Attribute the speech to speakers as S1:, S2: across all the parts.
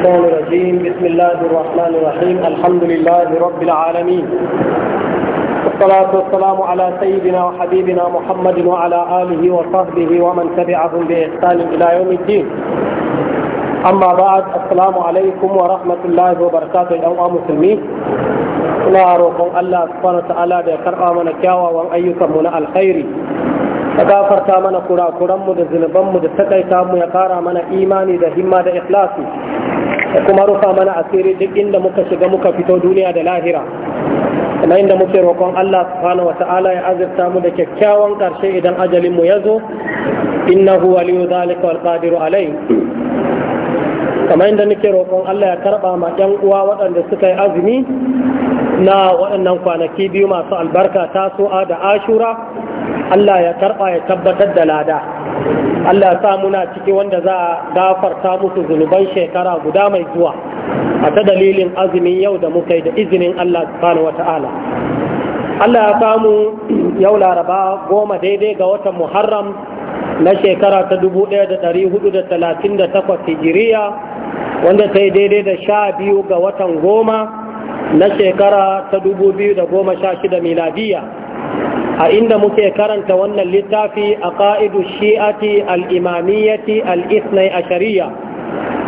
S1: الرحمن الرحيم بسم الله الرحمن الرحيم الحمد لله رب العالمين والصلاة والسلام على سيدنا وحبيبنا محمد وعلى آله وصحبه ومن تبعهم بإحسان إلى يوم الدين أما بعد السلام عليكم ورحمة الله وبركاته أو مسلمين ina roƙon Allah subhanahu ta'ala da ya karɓa mana kyawawan ayyukanmu na alkhairi ya gafarta mana kurakuranmu da zunubanmu da takaita mu ya kara mana imani da himma da kuma rufa mana asiri duk inda muka shiga muka fito duniya da lahira na inda muke roƙon Allah subhanahu wa ta'ala ya azurta mu da kyakkyawan ƙarshe idan ajalin mu ya zo innahu waliyu zalika wal qadiru alai kamar inda nake roƙon Allah ya karɓa ma ƴan uwa waɗanda suka yi azumi na waɗannan kwanaki biyu masu albarka tasu'a da ashura Allah ya karɓa ya tabbatar da lada Allah ya sa muna ciki wanda za a gafarta musu zunuban shekara guda mai zuwa a ta dalilin azumin yau da muka yi da izinin Allah subhanahu wata'ala Allah ya samu yau laraba goma daidai ga watan Muharram na shekara ta 1438 hijiriya wanda ta yi daidai da sha biyu ga watan goma na shekara ta 2016 miladiyya a inda muke karanta wannan littafi a ƙa'idu shi'ati al'imamiyyati al'isnai a shari'a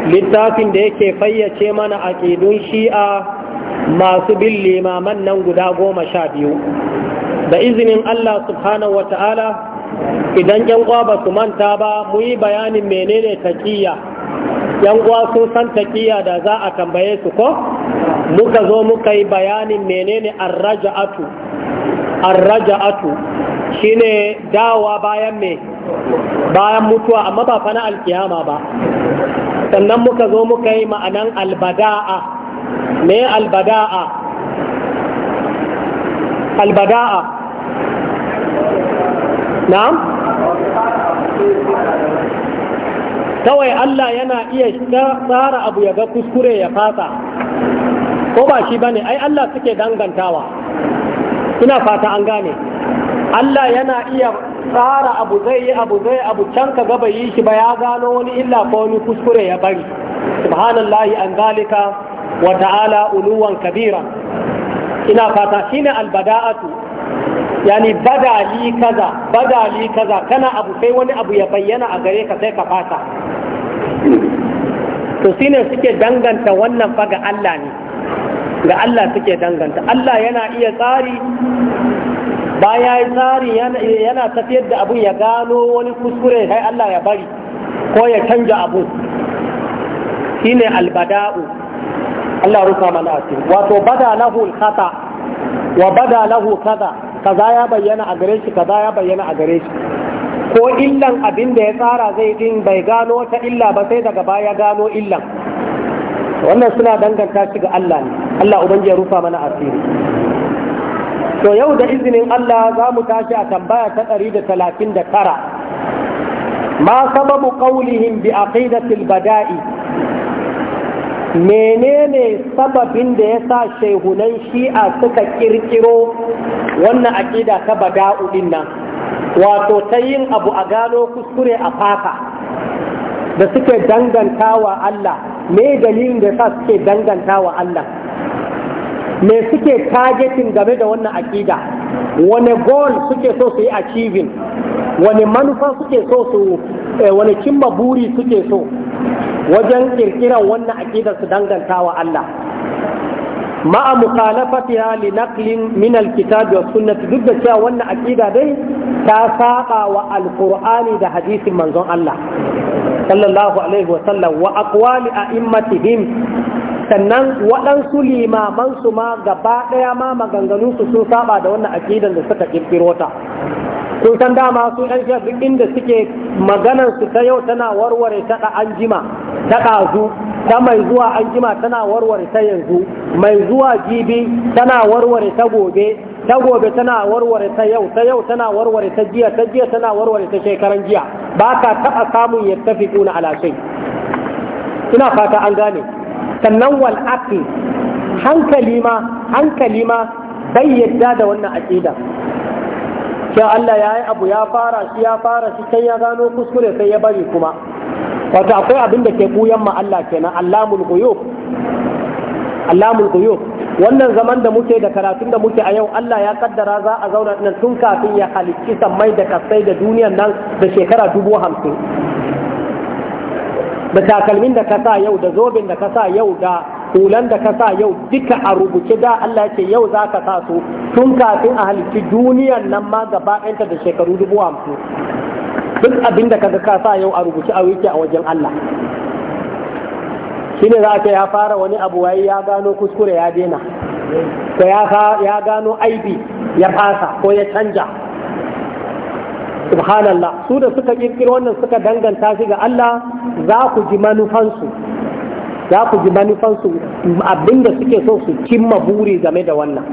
S1: littafin da yake fayyace mana a aƙidun shi'a masu bin limaman nan guda goma sha biyu da izinin Allah subhanahu wata'ala idan yankwa ba su manta ba mu yi bayanin menene taƙiyya yankwa sun san taƙiyya da za a tambaye su ko muka zo muka yi bayanin menene arraja'atu arraja'atu shine dawa bayan me bayan mutuwa amma ba fana alkiyama ba sannan muka zo muka yi ma'anan albada'a me albada'a albada'a na'am kawai Allah yana iya tsara abu ya ga kuskure ya fasa ko ba shi bane ai Allah suke dangantawa ina fata an gane Allah yana iya tsara abu zai yi abu zai abu can ka gaba yi shi ba ya gano wani illa ko wani kuskure ya bari subhanallahi an zalika wa ta'ala uluwan kabira ina fata shine albada'atu yani badali kaza badali kaza kana abu sai wani abu ya bayyana a gare ka sai ka fata to shine suke danganta wannan faga Allah ne ga Allah suke danganta Allah yana iya tsari baya ya tsari yana tafiyar da abun ya gano wani kuskure sai Allah ya bari ko ya canja shi shine albada'u Allah rufa mana asir wato bada lahu wa bada lahu kaza kaza ya bayyana a gare shi kaza ya bayyana a gare shi ko illan abin da ya tsara zai din bai gano wata illa ba sai daga baya gano illan wannan suna danganta shi ga Allah ne Allah ubangi ya rufa mana asiri to yau da izinin Allah za mu tashi a tambaya ta ɗari da talatin da tara ma sababu qaulihim bi aqidatil bada'i menene sababin da ya sa shehunan shi'a suka kirkiro wannan aƙida ta bada'u din nan wato ta yin abu a gano kuskure a faka da suke dangantawa Allah me dalilin da sa suke danganta wa Allah me suke targeting game da wannan aƙida wani goal suke so su yi achieving wani manufa suke so su eh, wani cimma buri suke so wajen kirkiran wannan aƙidar su danganta wa Allah ma'a mukhalafatiha li naqlin min alkitab sunnati duk da cewa wannan aƙida dai ta saba wa alqur'ani da hadisin manzon Allah sallallahu alaihi wasallam wa aqwali a'immatihim sannan waɗansu limamansu ma gaba ɗaya ma maganganunsu sun saba da wannan aqidan da suka kirkiro ta kun san dama su ɗan shi duk inda suke maganar su ta yau tana warware ta da anjima ta ɗazu ta mai zuwa anjima tana warware ta yanzu mai zuwa jibi tana warware ta gobe ta gobe tana warware ta yau ta yau tana warware ta jiya ta jiya tana warware ta shekaran jiya ba ka taɓa samun ya tafi kuna alashai ina fata an gane sannan wal aqli hankali ma hankali ma bai yadda da wannan aqida sai Allah ya yi abu ya fara shi ya fara shi sai ya gano kuskure sai ya bari kuma wato akwai abin da ke buyan ma Allah kenan allamul ghuyub allamul ghuyub wannan zaman da muke da karatun da muke a yau Allah ya kaddara za a zauna nan tun kafin ya halicci sammai da kasai da duniyan nan da shekara dubu hamsin da takalmin da ka sa yau da zobin da ka sa yau da hulan da ka sa yau duka a rubuce da Allah ce yau za ka sa su tun kafin a halicci duniyan nan ma gaba ɗanta da shekaru dubu hamsin duk abin da ka sa yau a rubuce a wiki a wajen Allah shi ne za ka ya fara wani abu wai ya gano kuskure ya dena ko ya gano aibi ya fasa ko ya canja subhanallah su da suka kirkiro wannan suka danganta shi ga Allah za ku ji manufansu za ku ji manufansu abinda suke so su cimma buri game da wannan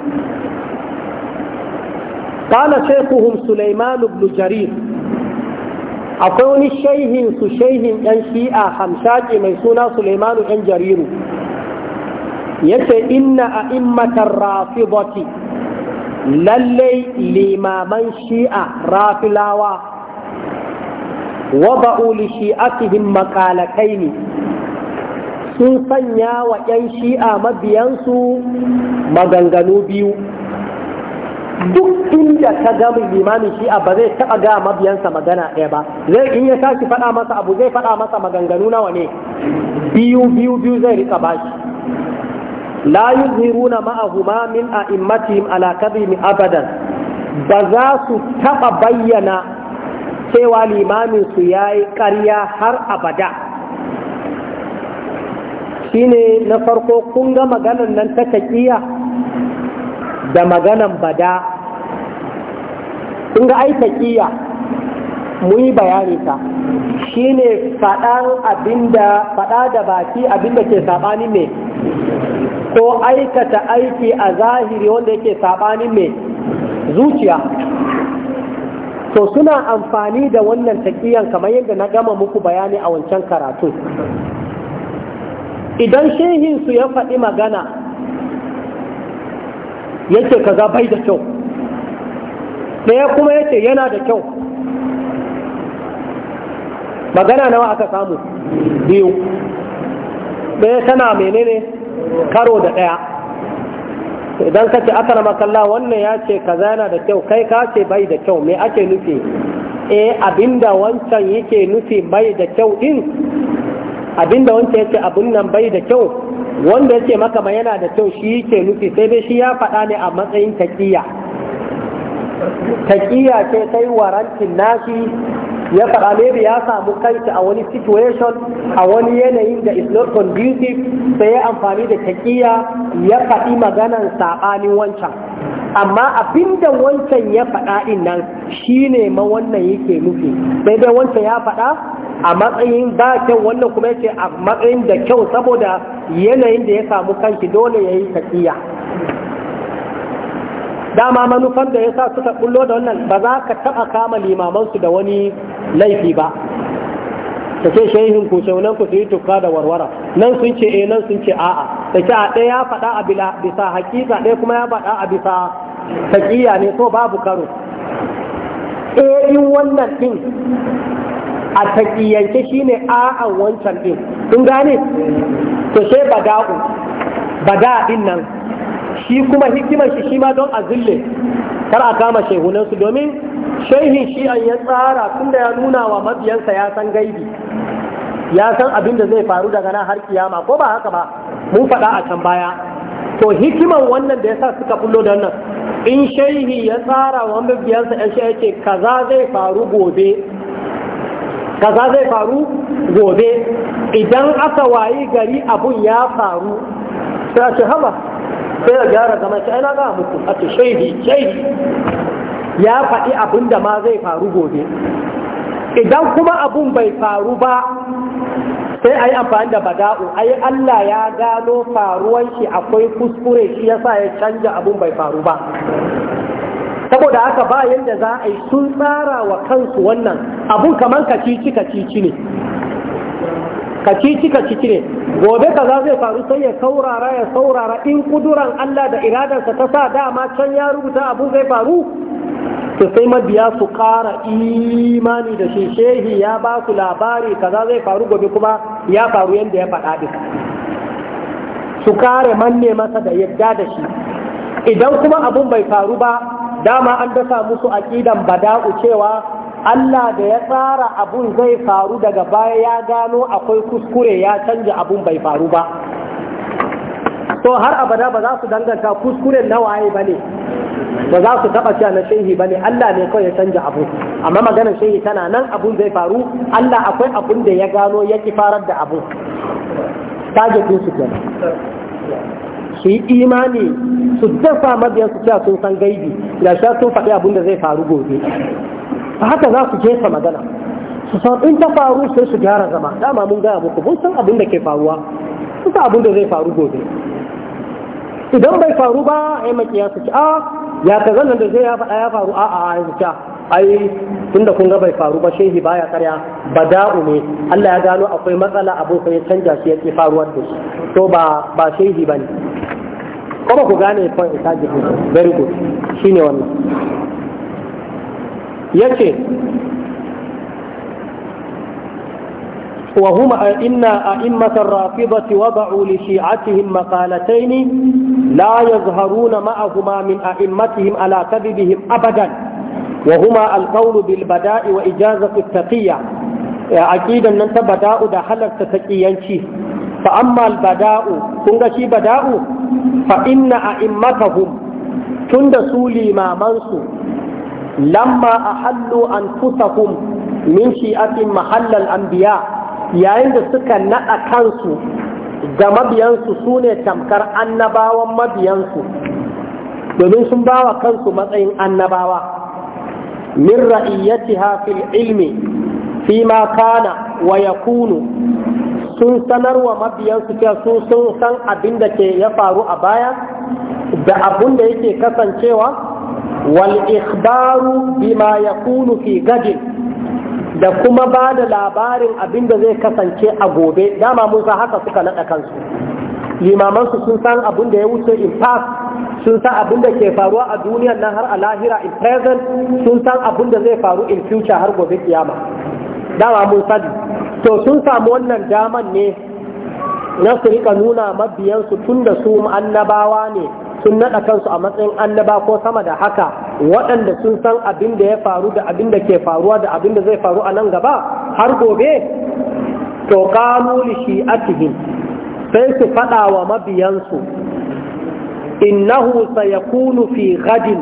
S1: قال شيخهم سليمان بن جرير akwai wani shaihin su shaihin ɗan shi'a hamshaki mai suna suleimanu ɗan jariru yace inna a immatar rafiboti lallai limaman shi'a rafilawa wada'u li shi'atihim makalakai ne sun sanya wa 'yan shi'a mabiyansu maganganu biyu duk inda ka ga limamin shi'a ba zai taɓa ga mabiyansa magana ɗaya ba zai in ya tashi faɗa masa abu zai faɗa masa maganganu nawa ne biyu biyu biyu zai rika bashi la yuzhiruna ma'ahuma min a'immatihim ala kadhimi abadan ba za su taɓa bayyana cewa limamin su yayi ƙarya har abada shine na farko kun ga maganar nan ta taƙiya da maganan bada in ga ai taƙiya mu yi bayani ta shi ne faɗa da baki abinda ke saɓani mai ko aikata aiki a zahiri wanda yake sabani mai zuciya to suna amfani da wannan taƙiyan kamar yadda na gama muku bayani a wancan karatu idan shehinsu ya faɗi magana yace kaza bai da kyau ɗaya kuma yace yana da kyau magana nawa aka samu biyu ɗaya tana menene karo da ɗaya idan ka ce aka kalla wannan ya ce kaza yana da kyau kai ka ce bai da kyau me ake nufi eh abinda wancan yake nufi bai da kyau din abinda wancan yake abun nan bai da kyau wanda yake maka ma yana da kyau shi ke nufi sai dai shi ya faɗa ne a matsayin taƙiya taƙiya ce sai warantin nashi ya faɗa ne ya samu kanta a wani situation a wani yanayin da is not conducive sai ya amfani da taƙiya ya faɗi maganan saɓanin wancan amma abinda wancan ya faɗa ɗin nan shi ne ma wannan yake nufi sai dai wancan ya faɗa a matsayin ba kyau wannan kuma yake a matsayin da kyau saboda yanayin da ya samu kanki dole ya yi tafiya dama manufan da ya sa suka bullo da wannan ba za ka taɓa kama limamansu da wani laifi ba ta ce shehin ku shaunan ku su yi tuka da warwara nan sun ce e nan sun ce a'a da sha ɗaya ya faɗa a bisa hakika ɗaya kuma ya faɗa a bisa taƙiyya ne so babu karo eh in wannan ɗin a taƙiyyance ne a'an wancan ɗin in gane to sai bada'u bada ɗin nan shi kuma hikimar shi shi ma don a zille kar a kama shehunansu domin shehin shi an ya tsara tunda ya nuna wa mabiyansa ya san gaibi ya san abin da zai faru daga nan har kiyama ko ba haka ba mun faɗa a can baya to hikiman wannan da yasa suka fullo da wannan in shaihi ya tsara wa mabiyansa ya shi yake kaza zai faru gobe kaza zai faru gobe idan aka wayi gari abun ya faru sai a ce haba sai a gyara zama ce na ga muku a ce shaihi shaihi ya faɗi abun da ma zai faru gobe idan kuma abun bai faru ba sai a yi amfani da bada'u ai Allah ya gano faruwan shi akwai kuskure shi yasa ya canja abun bai faru ba saboda haka bayan da za a yi sun tsara wa kansu wannan abun kamar kacici kacici ne kacici kacici ne gobe kaza zai faru sai ya saurara ya saurara in kuduran Allah da iradarsa ta sa dama can ya rubuta abun zai faru to sai mabiya su ƙara imani da shi shehi ya ba su labari kaza zai faru gobe kuma ya faru yadda ya faɗa duka su kare manne masa da yadda da shi idan kuma abun bai faru ba dama an dasa musu aƙidan bada'u cewa Allah da ya tsara abun zai faru daga baya ya gano akwai kuskure ya canja abun bai faru ba to har abada ba za su danganta kuskuren na waye ba ne ba za su taba cewa na shehi bane Allah ne kawai ya canja abu amma maganar shehi tana nan abun zai faru Allah akwai abun da ya gano ya ki farar da abu taje din su kenan su yi imani su dafa mabiyan su cewa sun san gaibi da shi sun faɗi abun da zai faru gobe haka za su jefa magana su san in ta faru sai su gyara zama dama mun gaya muku mun san abin da ke faruwa sun san abun da zai faru gobe idan bai faru ba ai makiya su ci a ah, ya ka zannan da zai ya faɗa ya faru a a ya ai tunda kun ga bai faru ba shehi baya karya bada'u ne Allah ya gano akwai matsala abokan ya canja shi ya ki faruwar da shi to ba ba shehi bane ko ku gane point ita ji very good shine wannan yace وهم إن أئمة الرافضة وضعوا لشيعتهم مقالتين لا يظهرون معهما من أئمتهم على كذبهم أبدا وهما القول بالبداء وإجازة التقية أكيدا أن بداء دخل تتقيانشي فأما البداء كنغشي بداء فإن أئمتهم تندسوا لما منسوا لما أحلوا أنفسهم من شيئة محل الأنبياء yayin da suka naɗa kansu ga mabiyansu su ne tamkar annabawan mabiyansu domin sun bawa kansu matsayin annabawa min ra'iyyatiha fil ilmi fi ma kana wa yakunu sun sanarwa mabiyansu cewa su sun san abin da ke ya faru a baya da abin da yake kasancewa wal ikhbaru bima yakunu fi gajin? da kuma ba da labarin abin da zai kasance a gobe dama musa haka suka naɗa kansu limamansu sun san abin da ya wuce in past sun san abin da ke faruwa a duniyan nan har a lahira in present sun san abin da zai faru in future har gobe kiyama dama mun sani to sun samu wannan daman ne na su rika nuna mabiyansu tun da su annabawa ne sun naɗa kansu a matsayin annaba ko sama da haka waɗanda sun san abin da ya faru da abin da ke faruwa da abin da zai faru a nan gaba har gobe to shi li shi'atihim sai su faɗa wa mabiyansu innahu sayakunu fi ghadin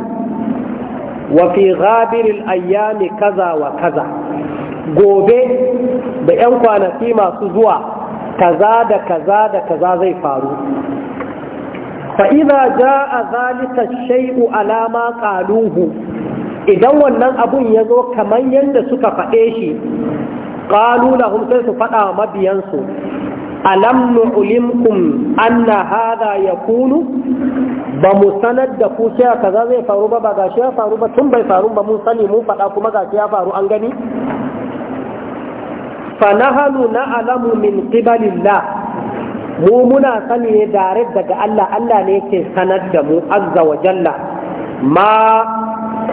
S1: wa fi ghabiril ayyami kaza wa kaza gobe da 'yan kwanaki masu zuwa kaza da kaza da kaza zai faru fa'iza ja a zalika shai'u alama ƙaluhu, idan wannan abun ya zo kamar yadda suka faɗe shi ƙaluna lahum sai su faɗa wa mabiyansu alam nu'limkum anna hadha yakunu ba mu sanar da ku cewa kaza zai faru ba ba shi ya faru ba tun bai faru ba mun sani mun faɗa kuma gashi ya faru an gani fa na alamu min qibalillah mu muna sani ne dare daga Allah Allah ne yake sanar da mu azza wa jalla ma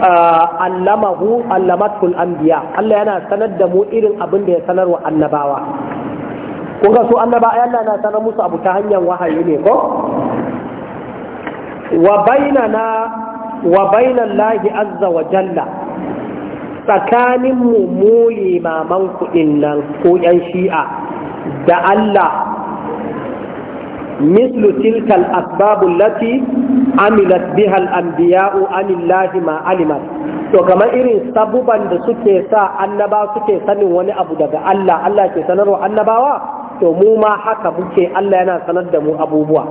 S1: uh, allamahu allamatul anbiya Allah yana sanar da mu irin abin da ya sanar wa annabawa kun ga su annaba ai Allah na sanar musu abu ta hanyar wahayi ne ko wa bainana wa bainan lahi azza wa jalla tsakanin mu mu limaman kuɗin nan ko yan shi'a da Allah مثل تلك الأسباب التي عملت بها الأنبياء عن الله ما علمت to kamar irin sabuban da suke sa annaba suke sanin wani abu daga Allah Allah ke sanarwa annabawa to mu ma haka muke Allah yana sanar da mu abubuwa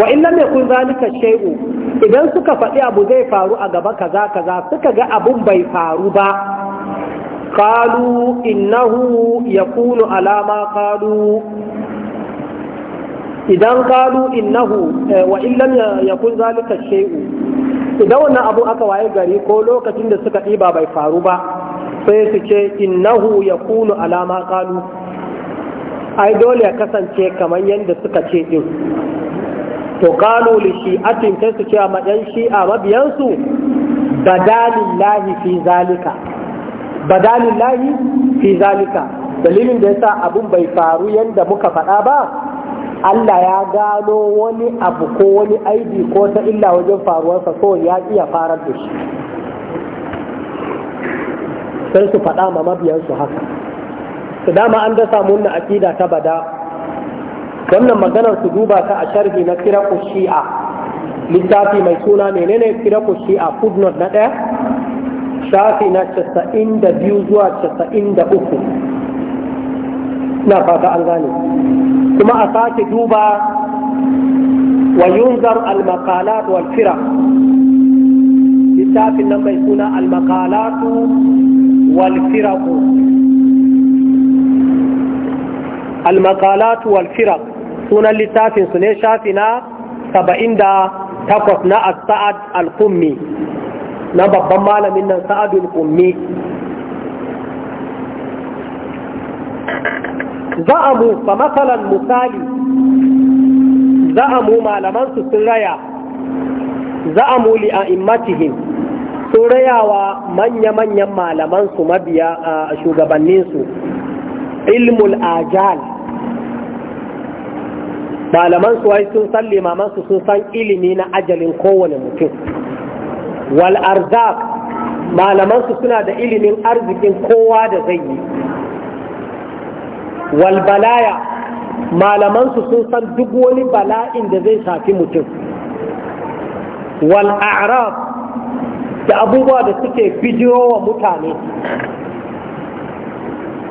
S1: wa in lam kun zalika shay'u idan suka faɗi abu zai faru a gaba kaza kaza suka ga abun bai faru ba qalu innahu yakunu alama qalu idan kalu innahu eh, wa illam yakun zalika shay'u idan wannan abu aka waye gari ko lokacin da suka ɗiba bai faru ba sai su ce innahu yakunu alama kalu ai dole ya kasance kamar yadda suka ce din to kalu li atin sai su ce a maɗan shi'a mabiyansu badalillahi fi zalika badalillahi fi zalika dalilin da yasa abun bai faru yadda muka faɗa ba Allah ya gano wani abu ko wani aibi ko ta illa wajen faruwarsa so ya iya farar da shi sai su faɗa ma mabiyansu haka su dama an dasa munna akida ta bada wannan maganar su duba ta a sharhi na kiraku shi'a littafi mai suna menene kiraku shi'a footnote na ɗaya shafi na 92 zuwa 93 na fata an gane kuma a sake duba wa yunzar al-maqalat wal littafin nan mai suna al-maqalat wal al-maqalat wal sunan littafin su ne shafi na 78 na saad al-qummi na babban malamin nan sa'ad al za'amu fa masalan misali za'amu malaman su sun raya za'amu li a'immatihim sun rayawa manya-manyan malaman su mabiya a shugabannin su ilmul ajal malaman su wai sun san limaman su sun san ilimi na ajalin kowane mutum wal arzak malaman su suna da ilimin arzikin kowa da zai yi wal balaya sun san duk wani bala'in da zai shafi mutum Wal'arab, da abubuwa da suke bijiro wa mutane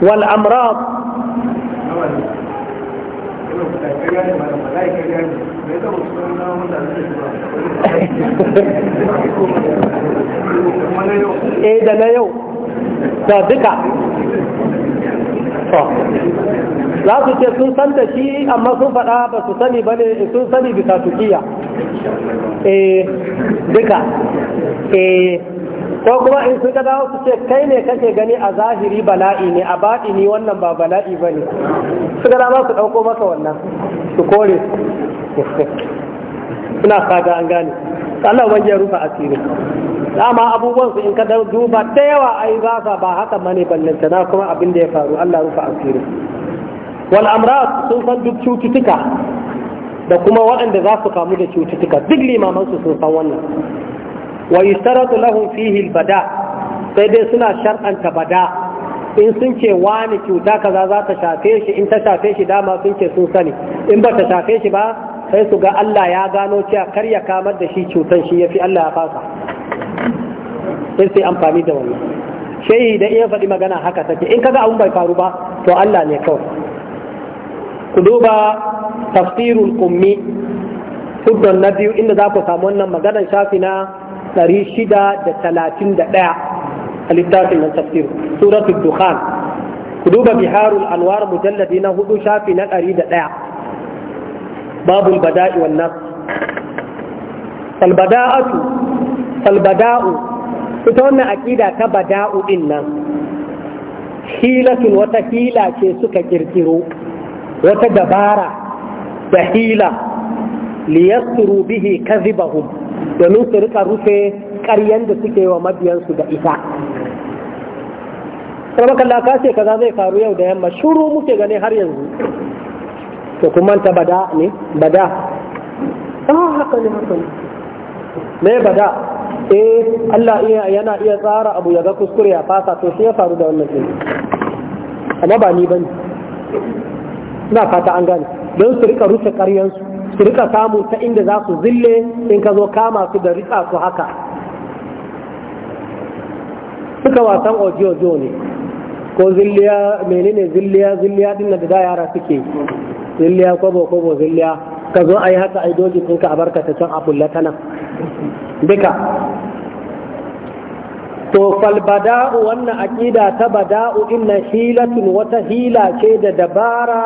S1: Wal'amrab. e eh da na yau
S2: da duka za
S1: su ce sun san da shi amma sun faɗa ba su sani ba ne sun sani bisa tukiya eh duka eh ko kuma in suka dawo su ce kai ne kake gani a zahiri bala'i ne a baɗi ni wannan ba bala'i ba ne suka ba su ɗauko maka wannan su kore suna fata an gane Allah ban ya rufa asiri dama abubuwan su in ka duba da yawa ai ba sa ba haka ne ballanta na kuma abin da ya faru Allah rufa asiri wal amrad sun san duk cututtuka da kuma waɗanda za su kamu da cututtuka duk limaman su sun san wannan wa yustaratu lahum fihi al bada sai dai suna shar'anta bada in sun ce wani cuta kaza za ta shafe shi in ta shafe shi dama sun ce sun sani in ba ta shafe shi ba sai su ga Allah ya gano cewa kar ya kamar da shi cutan shi yafi Allah ya fasa sai sai amfani da wannan shehi da iya faɗi magana haka take in kaga abun bai faru ba to Allah ne kawai ku duba tafsirul ummi tuddan na biyu inda za ku samu wannan maganar shafi na 631 a littafin nan tafsir suratul dukhan ku duba biharul anwar mujalladi na hudu shafi na 101 babul bada'i wan nas falbada'atu falbada'u ita wannan aƙida ta bada'u din nan hilatun wata hila ce suka kirkiro wata dabara da hila liyasturu bihi kazibahum domin su rika rufe ƙaryen da suke wa mabiyansu da ita kuma kalla ka ce kaza zai faru yau da yamma shuru muke gani har yanzu to kuma ta bada ne bada ah haka ne haka ne bada eh Allah iya yana iya tsara abu ya ga kuskure ya fasa to sai ya faru da wannan din amma ba ni bane ina fata an gane don su rika rufe ƙaryansu su rika samu ta inda za su zille in ka zo kama su da rika su haka suka wasan ojojo ne ko zilliya menene zilliya zilliya din da da yara suke zilliya kobo kobo zilliya ka zo a yi haka a yi doji ɗinka a barka ta can a fulla ta nan duka to falbada'u wannan aƙida ta bada'u inna hilatun wata hila ce da dabara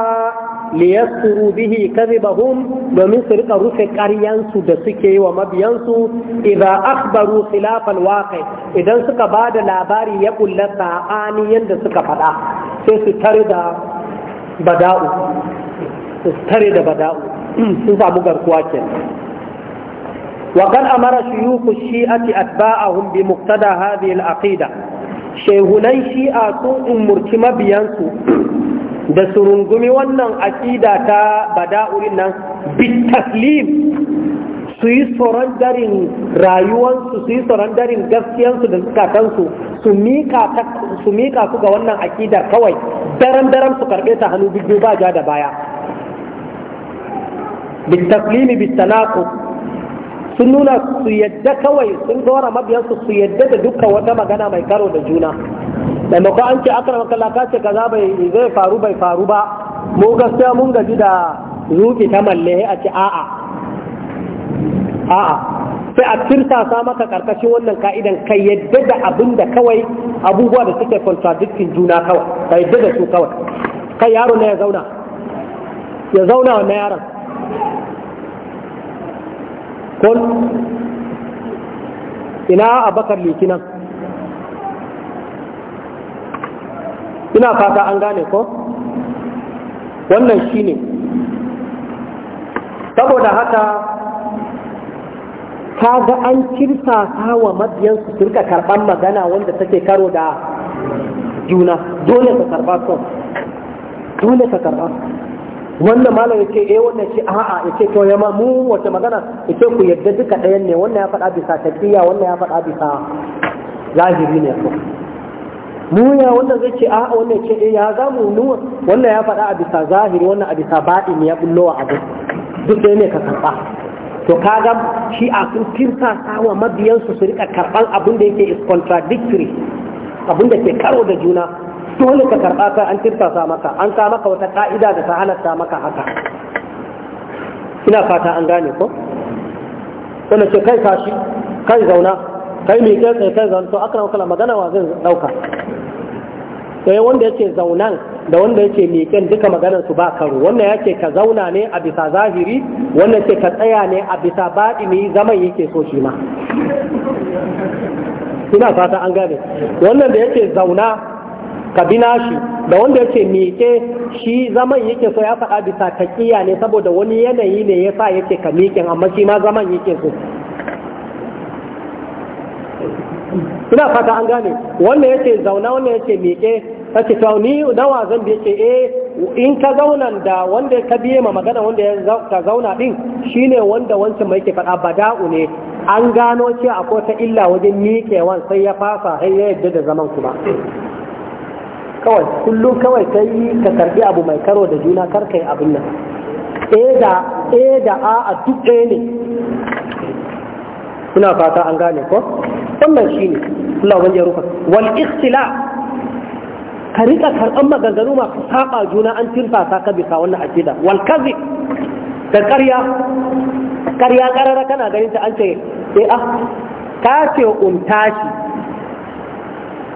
S1: liyasturu bihi kadhibahum domin su rika rufe ƙaryansu da suke yi wa mabiyansu idan akhbaru khilafal waqi idan suka ba da labari ya kulla sa'ani yanda suka faɗa sai su tare da bada'u su tare da bada'u sun samu garkuwa kenan وقد أمر شيوخ الشيعة أتباعهم بمقتضى هذه العقيدة شيخني شيعة أمرتم بيانسو da su rungumi wannan aƙida ta bada'urin nan bitaslim su yi tsoron darin rayuwarsu, su yi tsoron darin gaskiyansu da zukatansu su miƙa su ga wannan aƙidar kawai daren daren su karɓe ta hannu biyu ba ja da baya bitaslimi bitanaku sun nuna su yadda kawai sun dora mabiyansu su yadda da dukkan wata magana mai karo da juna maimakon an ce akara makalla ka ce kaza bai zai faru bai faru ba mu gaskiya mun gaji da zuki ta malle a ce a'a a'a sai a tirta sa maka karkashin wannan ka'idan ka yadda da abin da kawai abubuwa da suke contradicting juna kawai ka yadda da su kawai kai yaro ne ya zauna ya zauna wa yaron kol ina abakar likinan ina fata an gane ko wannan shi ne. saboda haka ta ga an kirsa wa mabiyansu su rika karɓar magana wanda take karo da juna dole ka karɓa son dole ka karɓa wannan malam yake eh wannan ce a'a yake to ya ma mu wata magana yake ku yadda duka ɗayan ne wannan ya faɗa bisa tafiya wannan ya faɗa bisa zahiri ne ko mu ya wannan zai ce a'a wannan ce eh ya za mu nu wannan ya faɗa a bisa zahiri wannan a bisa ne ya bullo a abu duk ɗaya ne ka karɓa to kaga shi a sun tirsa sawa mabiyansu su rika karɓan abin da yake is contradictory abin da ke karo da juna dole ka karɓa ka an tirsasa maka an ka maka wata ka'ida da ta halatta maka haka ina fata an gane ko wanda ce kai tashi kai zauna kai mai kai kai kai zauna to aka kala magana wa zan dauka sai eh, wanda yake zaunan da wanda yake miƙen duka maganar su ba karo wannan yake ka zauna ne a bisa zahiri wannan ce ka tsaya ne a bisa baɗi, baɗini zaman yake so shi ma ina fata an gane wannan da yake zauna ka bi nashi da wanda yake miƙe shi zaman yake so ya faɗa bisa taƙiya ne saboda wani yanayi ne ya sa yake ka miƙen amma shi ma zaman yake so ina fata an gane wannan yake zauna wannan yake miƙe kace to ni nawa zan bi yake e eh, in ka zauna da wanda ka biye ma magana wanda ya ka zauna din shine wanda wancan mai ke faɗa bada'u ne an gano cewa akwai ta illa wajen miƙewan sai ya fasa har ya yadda da zaman kuma kawai kullum kawai ka yi ka karbi abu mai karo da juna kar kai abin nan e da da a a duk ɗaya ne Kuna fata an gane ko wannan shine Allah wanda ya rufa wal ikhtila ka rika karɓar maganganu masu saba juna an tirfasa ka bisa wannan akida wal kazi da ƙarya ƙarya ƙarara kana ganin ta an ce eh ah ka ce umtashi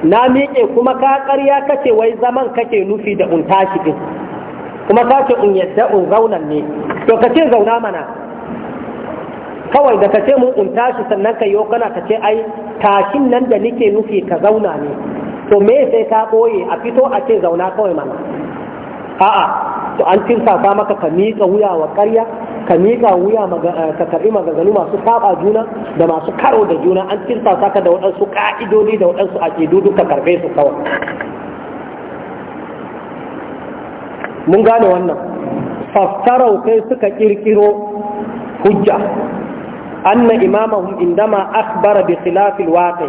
S1: na miƙe kuma ka ƙarya kace wai zaman kake nufi da unta shi din kuma ka ce un yadda un zaunan ne to ka ce zauna mana kawai da ka ce mun un tashi sannan ka yo kana ka ce ai tashin nan da nike nufi ka zauna ne to me sai ka ɓoye a fito a ce zauna kawai mana a'a to an tilsa maka ka miƙa wuya wa ƙarya ka miƙa wuya eh, ka karɓi maganganu masu saba juna da masu karo da juna an cirta saka da waɗansu ƙa'idodi da waɗansu aƙidu ka karɓe su kawai mun gane wannan fassarau kai suka ƙirƙiro hujja anna imamahum indama akhbara bi khilafil waqi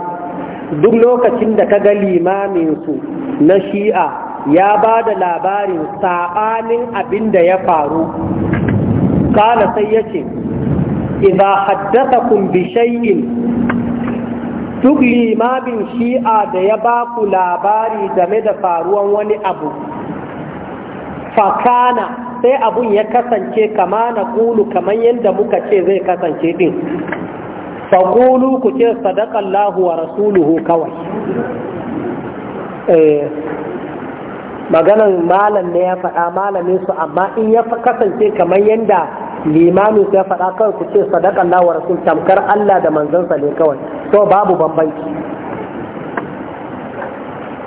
S1: duk lokacin da ka ga limamin su na shi'a ya ba da labarin saɓanin abin da ya faru kala sai ya ce idza haddathakum bi shay'in duk limamin shi'a da ya ba ku labari game da faruwan wani abu fakana sai abun ya kasance kama na kulu kamar yadda muka ce zai kasance din Fakulu ku ce sadakallahu wa rasuluhu kawai maganan malam ne ya faɗa malamin su amma in ya kasance kamar yadda limamin ya faɗa kawai ku ce sadakan na wa rasul tamkar Allah da manzansa ne kawai to babu bambanci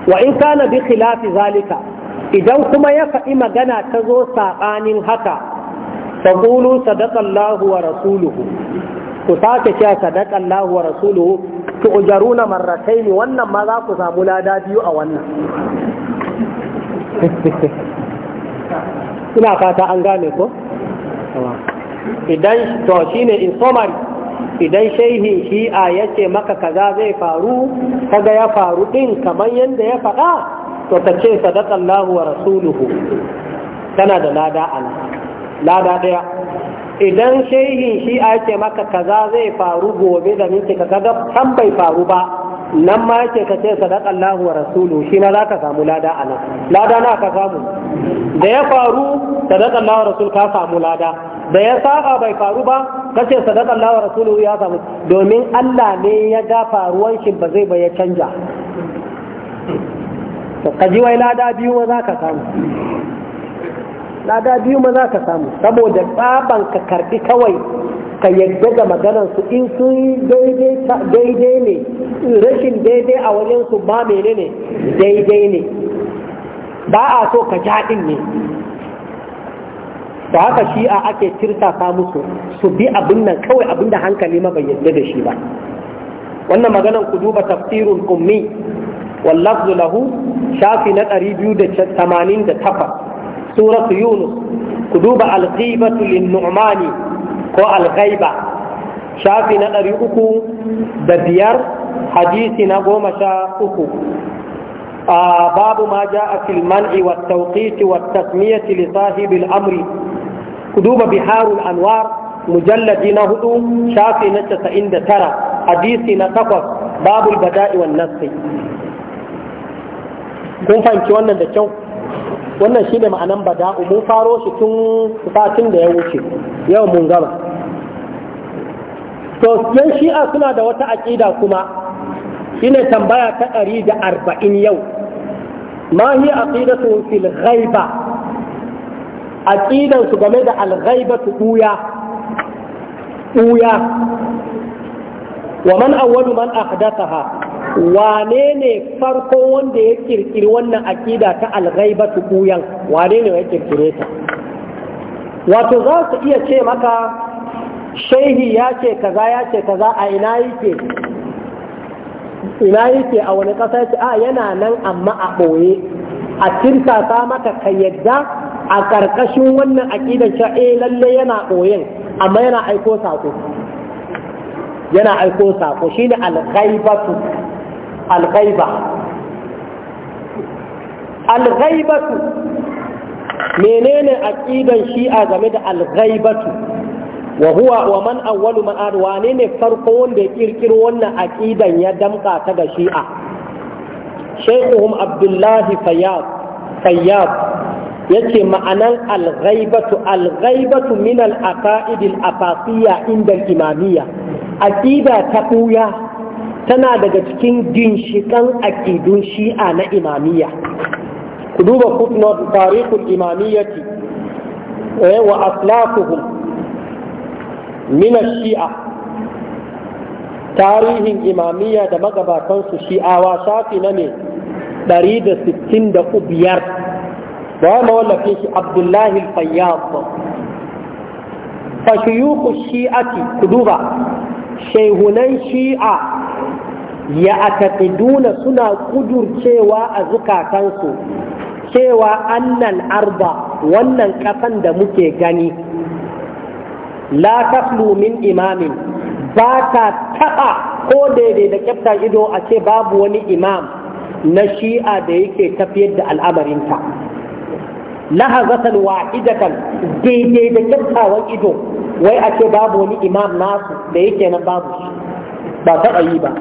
S1: wa in kana bi khilafi zalika idan kuma ya faɗi magana ta zo saɓanin haka faqulu sadaqallahu wa rasuluhu ku sake cewa sadaqallahu wa rasuluhu tu'jaruna marrataini wannan ma za ku samu lada biyu a wannan ina fata an gane ko
S2: idan
S1: to shine in idan shehi shi'a ya ce maka kaza zai faru kaga ya faru din kamar yadda ya faɗa to ka ce sadakallahu wa rasuluhu tana da lada ala lada ɗaya idan shaihin shi'a ya ce maka kaza zai faru gobe da minti kaga san bai faru ba nan ma yake ka ce sadaka Allah wa rasulu shi na zaka samu lada a nan lada na ka samu da ya faru sadaka Allah wa rasul ka samu lada da ya saba bai faru ba ka ce sadaka Allah wa rasulu ya samu domin Allah ne ya ga faruwan shi ba zai ba ya canja ka ji wai lada biyu ba zaka samu lada biyu ma za ka samu saboda tsaban ka karbi kawai ka yadda da maganar su in sun daidai ne rashin daidai a wajen su ba menene daidai ne ba a so ka jaɗin ne ba haka shi a ake tirsasa musu su bi abin nan kawai abin da hankali ma bai yadda da shi ba wannan maganar ku duba tafsirun ummi wallafzu lahu shafi na 288 suratu yunus ku duba alghibatu lin-nu'mani ko alghaiba shafi na ɗari uku da biyar hadisi na goma sha uku babu ma ja'a fil man'i wa tawqiti wa tasmiyati li amri ku duba biharul anwar mujalladi na hudu shafi na casa'in da tara hadisi na takwas babu bada'i wan nassi kun fahimci wannan da kyau wannan shi ne ma'anan bada'u mun faro shi tun satin da ya wuce yau mun gama to yan shi'a suna da wata aƙida kuma shine tambaya ta ɗari da arba'in yau ma hi aqidatu fil ghaiba aqidan su game da al ghaibatu uya uya wa man awwalu man ahdathaha wane ne farko wanda ya kirkiri wannan akida ta su kuyan wane ne ya kirkire ta wato za su iya ce maka shehi ya ce kaza ya ce kaza a ina yake ina yake a wani ƙasa ya ce a yana nan amma a ɓoye a tirsasa maka ka yadda a ƙarƙashin wannan akidan cewa eh lalle yana ɓoyen amma yana aiko saƙo yana aiko saƙo ne alghaibatu alghaiba
S2: alghaibatu
S1: menene aqidan shi'a game da alghaibatu wa huwa wa man awwalu man wane ne farko wanda ya kirkiro wannan aqidan ya damka ta ga shi'a shaykhuhum abdullahi fayyab fayyad yace ma'anan alghaibatu alghaibatu min al-aqaid al-afasiya inda al-imamiyya aqida ta buya tana daga cikin ginshikan aƙidun shi'a na imamiyya ku duba footnote tarihul imamiyyati eh, wa aslafuhum min shi'a tarihin imamiyya da magabatansu shi'awa shafi na ne 165 biyar wa mawallafin shi abdullahi fayyab fa shuyukhu shi'ati ku duba shehunan shi'a ya ataqiduna suna kudurcewa a zukatansu cewa annan arba wannan kasan da muke gani la taflu min imamin ba ta taɓa ko daidai da kyafta ido a ce babu wani imam na shi'a da yake tafiyar da al'amarinta lahazatan wa'idatan daidai da kyaftawan ido wai a ce babu wani imam nasu da yake nan babu ba taɓa yi ba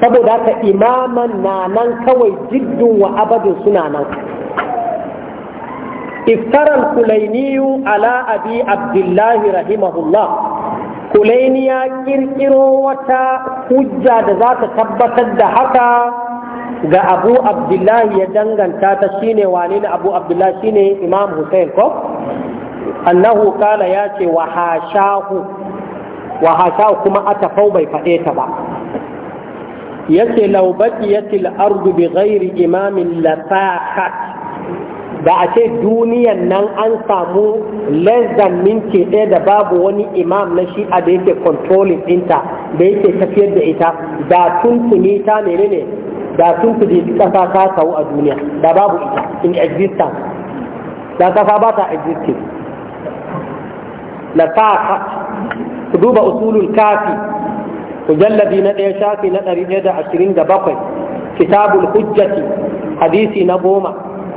S1: saboda haka imaman na nan kawai jiddun wa abadin suna nan iftaral kulainiyu ala abi abdullahi rahimahullah kulaini ya kirkiro wata hujja da za ta tabbatar da haka ga abu abdullahi ya danganta ta shine wane na abu abdullahi shine imam hussein ko annahu kala ya ce wa hashahu kuma atafau bai faɗe ta ba yace law baqiyatil ardu bi ghairi imamin latahat da a ce duniyan nan an samu less than minti ɗaya da babu wani imam na shi'a da yake controlling ɗinta da yake tafiyar da ita da tuntuni ta ne ne da tuntuni kasa ta kawo a duniya da babu ita in existence da kasa ba ta existing la ta duba usulul kafi mujalladi na ɗaya shafi na ɗari ɗaya da ashirin da bakwai kitabul hujjati hadisi na goma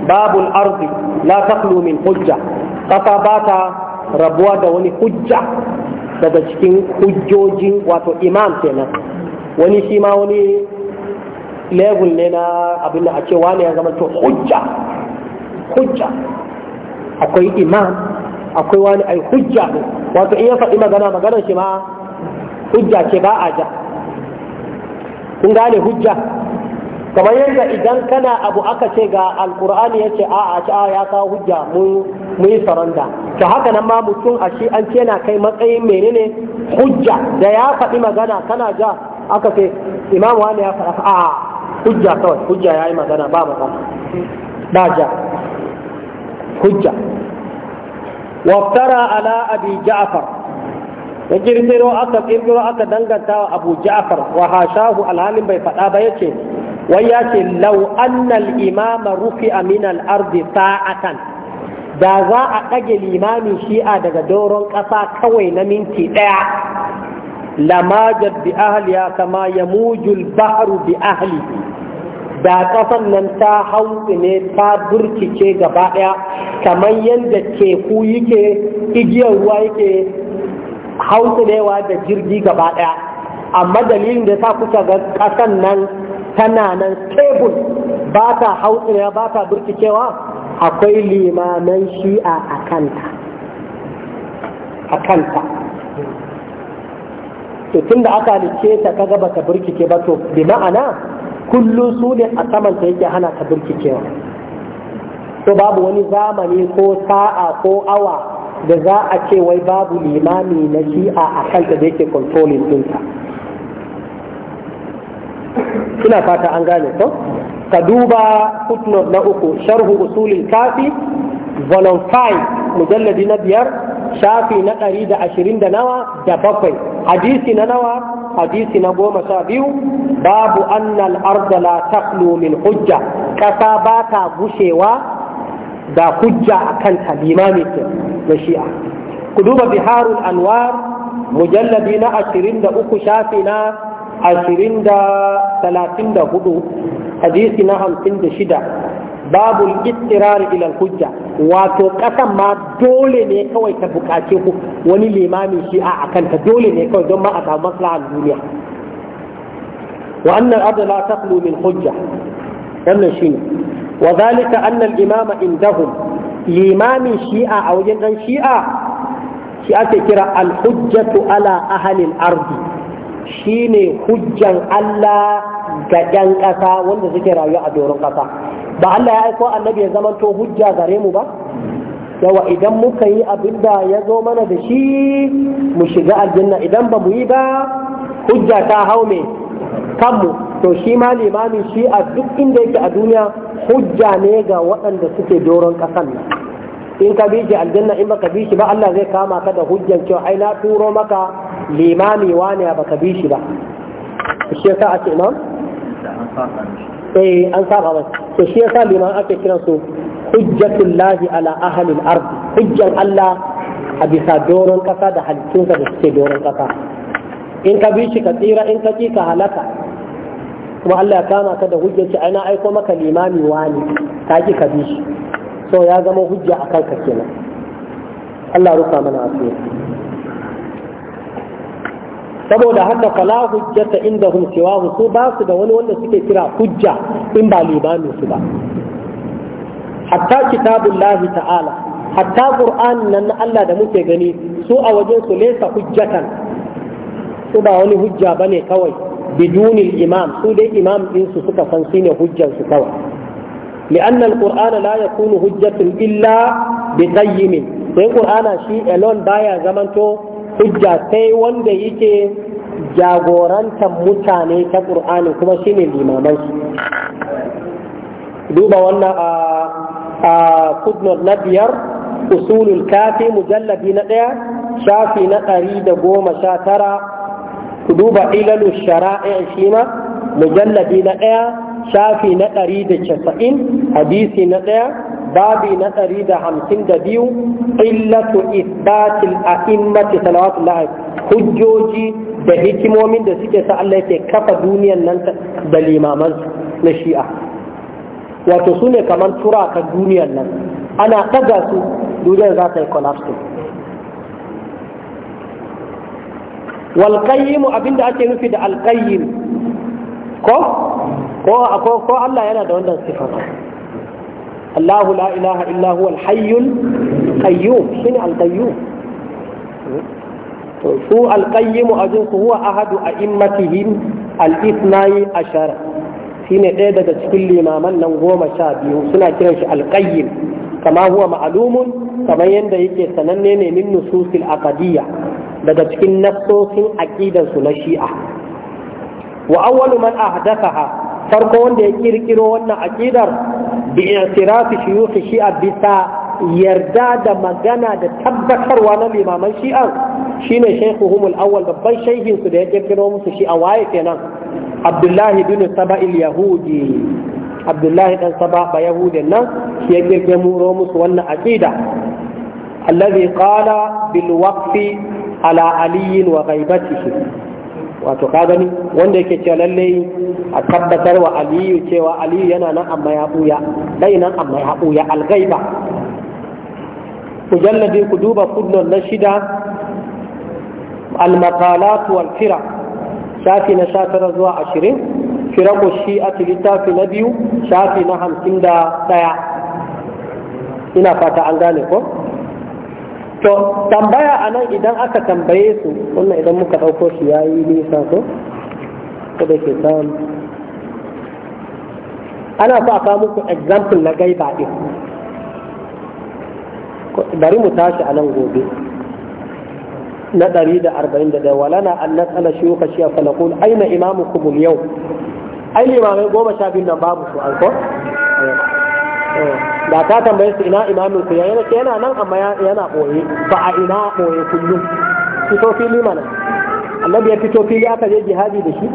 S1: babul arzi la taklu min hujja ƙasa ba ta rabuwa da wani hujja daga cikin hujjojin wato imam kenan wani shi ma wani level ne na abin da a ce wani ya zama to hujja hujja akwai imam akwai wani ai hujja ne wato in ya faɗi magana maganar shi ma hujja ce ba a ja kun gane hujja kamar yadda idan kana abu aka ce ga alkur'ani ya ce a a ci a ya kawo hujja mun yi saranda ta haka nan ma mutum a shi an ce na kai matsayin menene hujja da ya faɗi magana kana ja aka ce imamu wani ya faɗa a hujja kawai hujja ya yi magana ba magana ba ja hujja waftara ala abi ja'far ya kirkiro aka kirkiro aka danganta wa abu ja'far wa hashahu alhalin bai faɗa ba ya ce, wai ya ce lau'annan annal imama rufi min al ardi sa'atan da za a ɗage limamin shi'a daga doron ƙasa kawai na
S2: minti ɗaya
S1: lamajat bi ahliya kama mujul bahru bi ahli da ƙasan nan ta hau ne ta burkice gaba ɗaya kamar yadda teku yake igiyar ruwa yake hausa da jirgi gaba ɗaya amma dalilin da sa kuka ga ƙasan nan tana nan stable ba ta hausulewa ba ta burkicewa akwai limanan shi'a a kanta a kanta to tun da aka halice ta kaga ba ta burkice ba to bi ma'ana kullum su ne a samanta yake hana ta burkicewa to babu wani zamani ko sa'a ko awa da za a ce wai babu limami na shi'a a kanta da yake controlling ɗinta ina fata an gane to ka duba footnote na uku sharhu usulin kafi volume mujalladi na biyar shafi na ɗari da ashirin da nawa da bakwai hadisi na nawa hadisi na goma sha biyu babu annal arda la taqlu min hujja ƙasa ba ta gushewa da hujja a kanta limami ke na shi'a ku duba biharul anwar
S2: mujalladi na
S1: ashirin da uku shafi na ashirin da talatin da hudu hadisi na hamsin da shida babu ittirar ilal hujja wato kasan ma dole ne kawai ta bukace ku wani limamin shi'a a kanta dole ne kawai don ma a samu maslahar duniya wa annan adala taqlu min hujja wannan shine wa zalika anna al-imama indahum limamin shi'a a wajen dan shi'a shi ake kira al-hujjatu ala ahli al-ardi shine hujjan Allah ga yan ƙasa wanda suke rayuwa a doron ƙasa ba Allah ya aiko annabi ya zamanto hujja gare mu ba yawa idan muka yi abin da ya zo mana da shi mu shiga aljanna idan ba mu yi ba hujja ta hau me kanmu to shi ma limamin shi a duk inda yake a duniya hujja ne ga waɗanda suke doron ƙasan nan in ka bi shi aljanna in baka bi shi ba Allah zai kama ka da hujjan cewa ai na turo maka limami wani ba ka bi shi ba shi yasa ake imam eh an saba ba to shi yasa liman ake kira su hujjatullahi ala ahli al-ard hujjan Allah a bisa doron kasa da halittunsa da suke doron kasa in ka bi shi ka tsira in ka ki ka halaka kuma Allah ya kama ka da hujjar ci aina aiko maka limami wani ka ki ka bi shi so ya zama hujja a kanka kenan Allah rufa mana asiri saboda haka fala hujjata inda siwahu su ba su da wani wanda suke kira hujja in ba limami su ba hatta kitabullahi ta'ala hatta qur'an nan Allah da muke gani su a wajen su laysa hujjatan su ba wani hujja ba ne kawai biduni imam su dai imam ɗinsu suka san su ne hujjansu kawai li'anna al-qur'ana la yakunu hujjatun illa bi sai qur'ana shi alone baya zamanto hujja sai wanda yake jagorantar mutane ta qur'ani kuma shine limaman su duba wannan a kudnot na biyar usulul kafi mujalladi na ɗaya shafi na ɗari da goma sha tara ku duba ilalu shara'i shi ma mujalladi na ɗaya shafi na ɗari da casa'in hadisi na ɗaya babi na ɗari da hamsin da biyu illatu isbatil a'immati salawatullahi hujjoji da hikimomin da suke sa Allah yake kafa duniyan nan da limaman na shi'a wato su ne kamar turaka duniyan nan ana ɗaga su duniyar za ta yi collapse والقيم أبين دا أكي ko Allah القيم كو كو أكو كو الله ilaha دا وندن صفة الله لا إله إلا هو الحي القيوم شنو القيوم سو القيم أجنس هو أحد أئمتهم الاثني عشر shine ɗaya daga cikin limaman nan goma sha biyu suna kiran shi alƙayyin kama huwa ma'alumun kamar yadda yake sananne ne min nususil aqadiyya daga cikin nassosin aqidansu na shi'a wa awwalu man ahdathaha farko wanda ya kirkiro wannan aqidar bi i'tirafi shuyukh shi'a bisa yarda da magana da tabbatarwa na limaman shi'a shine shaykhuhum al-awwal babban shaykhin su da ya kirkiro musu shi'a waye kenan abdullahi bin saba yahudi abdullahi dan saba ba yahudin nan shi ya kirkiro musu wannan aqida alladhi qala bil waqfi ala aliyin wa ghaibatihi wato ka gani wanda yake cewa lalle a tabbatar wa aliyu cewa aliyu yana nan amma ya buya dai nan amma ya buya alghaiba mujalladi ku duba kudnon na shida المقالات والفرق شافي نشاتر زوا عشرين فرق الشيئة لتافي نبيو شافي نهم سندا دايا ina fata an gane ko to tambaya a nan idan aka tambaye su wannan idan muka ɗauko shi ya yi nisa so ko da ke samu ana so a kawo muku example na gaiba ɗin bari mu tashi a nan gobe na ɗari da arba'in da walana an nasala shi yuka shi a falakun aina imamukum yau ai limamai goma sha biyu nan babu su an ko da ta tambaye su ina imamin ku yana yana nan amma yana boye fa a ina boye kullum fito fili mana annabi ya fito fili aka je jihadi da shi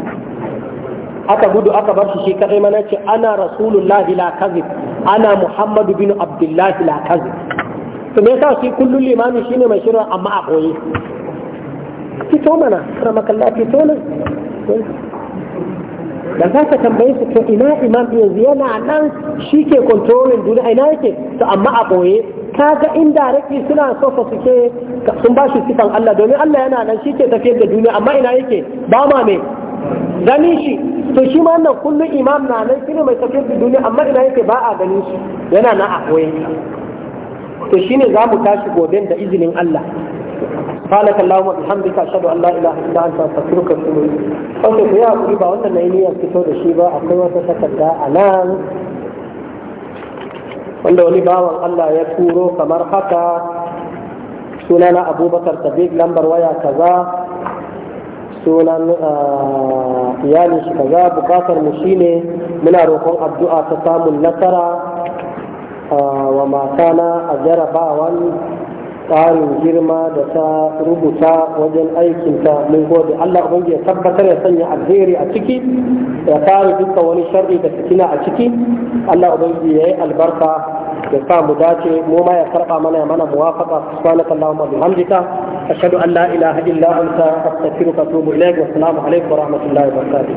S1: aka gudu aka bar shi shi kadai mana ce ana rasulullahi la kazib ana muhammadu bin abdullahi la kazib to me yasa shi kullum limami shine mai shirin amma a boye fito mana karamakalla fito nan da za ka tambaye su to ina imam yanzu yana nan shi ke kontrolin duniya ina yake to amma a ɓoye Ka ga kaga indirectly suna so fa suke sun ba shi sifan Allah domin Allah yana nan shi ke tafiyar da duniya amma ina yake ba ma me gani shi to shi ma nan kullum imam na nan shine mai tafiyar da duniya amma ina yake ba a ganin shi yana nan a ɓoye to shine za mu tashi gobe da izinin Allah سبحانك اللهم وبحمدك اشهد ان لا اله الا انت استغفرك واتوب اليك اوكي يا ابو باو انت نايني يا كتو ده شي با اكو وتا تكدا انا وند ولي باو الله يا كورو كمر حكا سنن ابو بكر صديق نمبر ويا كذا سنن آه، يعني كذا ابو بكر مشيني من اروكم الدعاء تسامو النصر آه، وما كان اجر باوان Tsarin girma da ta rubuta wajen aikinta mun gode Allah ubangi ya tabbatar ya sanya alheri a ciki ya kare duka wani sharɗi da fitina a ciki Allah ubangi ya yi albarka ya sa mu dace mu ma ya karba mana ya mana muwafaqa subhanaka allahumma bihamdika ashhadu an la ilaha illa anta astaghfiruka wa atubu ilaik wa assalamu alaikum wa rahmatullahi wa barakatuh